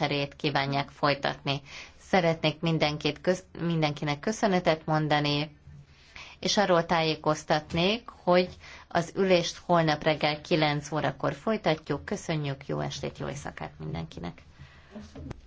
eszmecserét kívánják folytatni. Szeretnék mindenkit, köz, mindenkinek köszönetet mondani, és arról tájékoztatnék, hogy az ülést holnap reggel 9 órakor folytatjuk. Köszönjük, jó estét, jó éjszakát mindenkinek! Köszönjük.